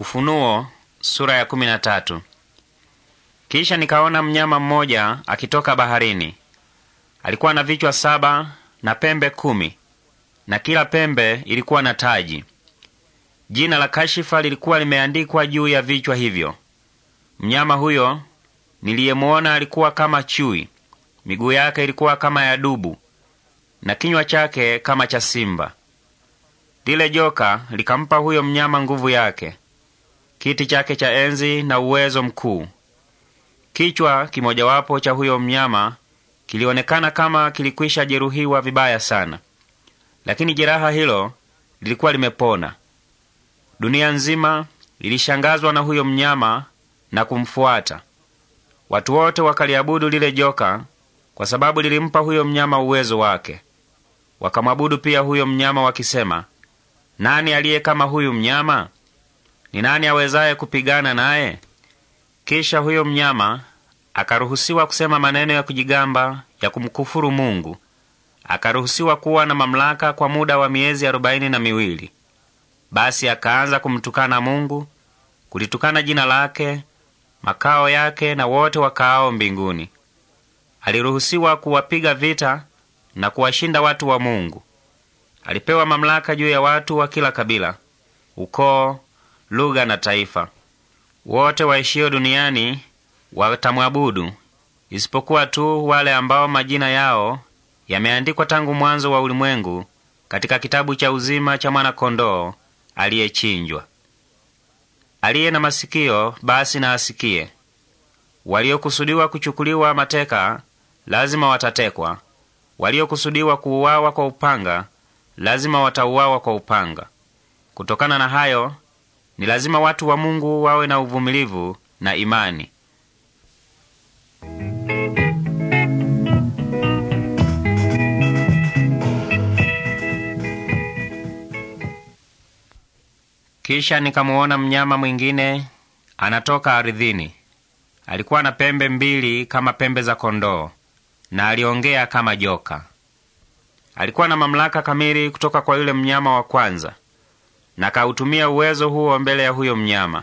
Ufunuo sura ya kumi na tatu. Kisha nikaona mnyama mmoja akitoka baharini. Alikuwa na vichwa saba na pembe kumi, na kila pembe ilikuwa na taji. Jina la kashifa lilikuwa limeandikwa juu ya vichwa hivyo. Mnyama huyo niliyemuona alikuwa kama chui, miguu yake ilikuwa kama ya dubu, na kinywa chake kama cha simba. Lile joka likampa huyo mnyama nguvu yake kiti chake cha enzi na uwezo mkuu. Kichwa kimojawapo cha huyo mnyama kilionekana kama kilikwisha jeruhiwa vibaya sana, lakini jeraha hilo lilikuwa limepona. Dunia nzima ilishangazwa na huyo mnyama na kumfuata. Watu wote wakaliabudu lile joka, kwa sababu lilimpa huyo mnyama uwezo wake. Wakamwabudu pia huyo mnyama wakisema, nani aliye kama huyu mnyama? Ni nani awezaye kupigana naye? Kisha huyo mnyama akaruhusiwa kusema maneno ya kujigamba ya kumkufuru Mungu. Akaruhusiwa kuwa na mamlaka kwa muda wa miezi arobaini na miwili. Basi akaanza kumtukana Mungu, kulitukana jina lake, makao yake na wote wakaao mbinguni. Aliruhusiwa kuwapiga vita na kuwashinda watu wa Mungu. Alipewa mamlaka juu ya watu wa kila kabila, ukoo lugha na taifa. Wote waishio duniani watamwabudu, isipokuwa tu wale ambao majina yao yameandikwa tangu mwanzo wa ulimwengu katika kitabu cha uzima cha mwanakondoo aliyechinjwa. Aliye na masikio basi na asikie. Waliokusudiwa kuchukuliwa mateka lazima watatekwa, waliokusudiwa kuuawa kwa upanga lazima watauawa kwa upanga. Kutokana na hayo ni lazima watu wa Mungu wawe na uvumilivu na imani. Kisha nikamuona mnyama mwingine anatoka ardhini. Alikuwa na pembe mbili kama pembe za kondoo, na aliongea kama joka. Alikuwa na mamlaka kamili kutoka kwa yule mnyama wa kwanza na kautumia uwezo huo mbele ya huyo mnyama,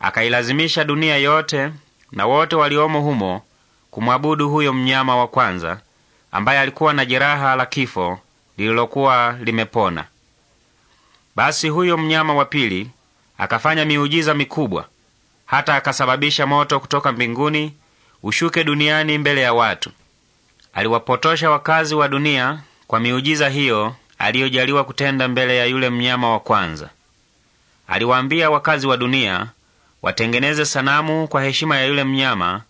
akailazimisha dunia yote na wote waliomo humo kumwabudu huyo mnyama wa kwanza ambaye alikuwa na jeraha la kifo lililokuwa limepona. Basi huyo mnyama wa pili akafanya miujiza mikubwa, hata akasababisha moto kutoka mbinguni ushuke duniani mbele ya watu. Aliwapotosha wakazi wa dunia kwa miujiza hiyo aliyojaliwa kutenda mbele ya yule mnyama wa kwanza. Aliwaambia wakazi wa dunia watengeneze sanamu kwa heshima ya yule mnyama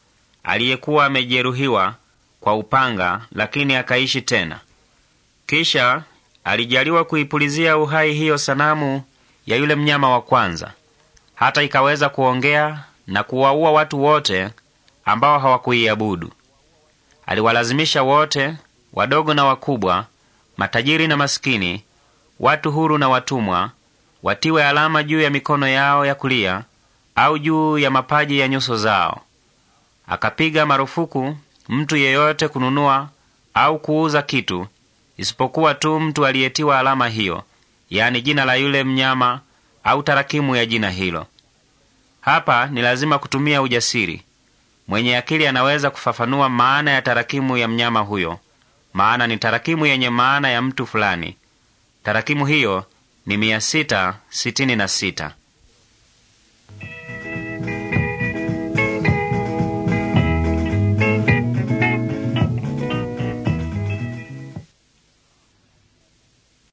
aliyekuwa amejeruhiwa kwa upanga, lakini akaishi tena. Kisha alijaliwa kuipulizia uhai hiyo sanamu ya yule mnyama wa kwanza, hata ikaweza kuongea na kuwaua watu wote ambao hawakuiabudu. Aliwalazimisha wote, wadogo na wakubwa, matajiri na maskini, watu huru na watumwa, watiwe alama juu ya mikono yao ya kulia au juu ya mapaji ya nyuso zao. Akapiga marufuku mtu yeyote kununua au kuuza kitu isipokuwa tu mtu aliyetiwa alama hiyo, yaani jina la yule mnyama au tarakimu ya jina hilo. Hapa ni lazima kutumia ujasiri. Mwenye akili anaweza kufafanua maana ya tarakimu ya mnyama huyo maana ni tarakimu yenye maana ya mtu fulani. Tarakimu hiyo ni mia sita sitini na sita.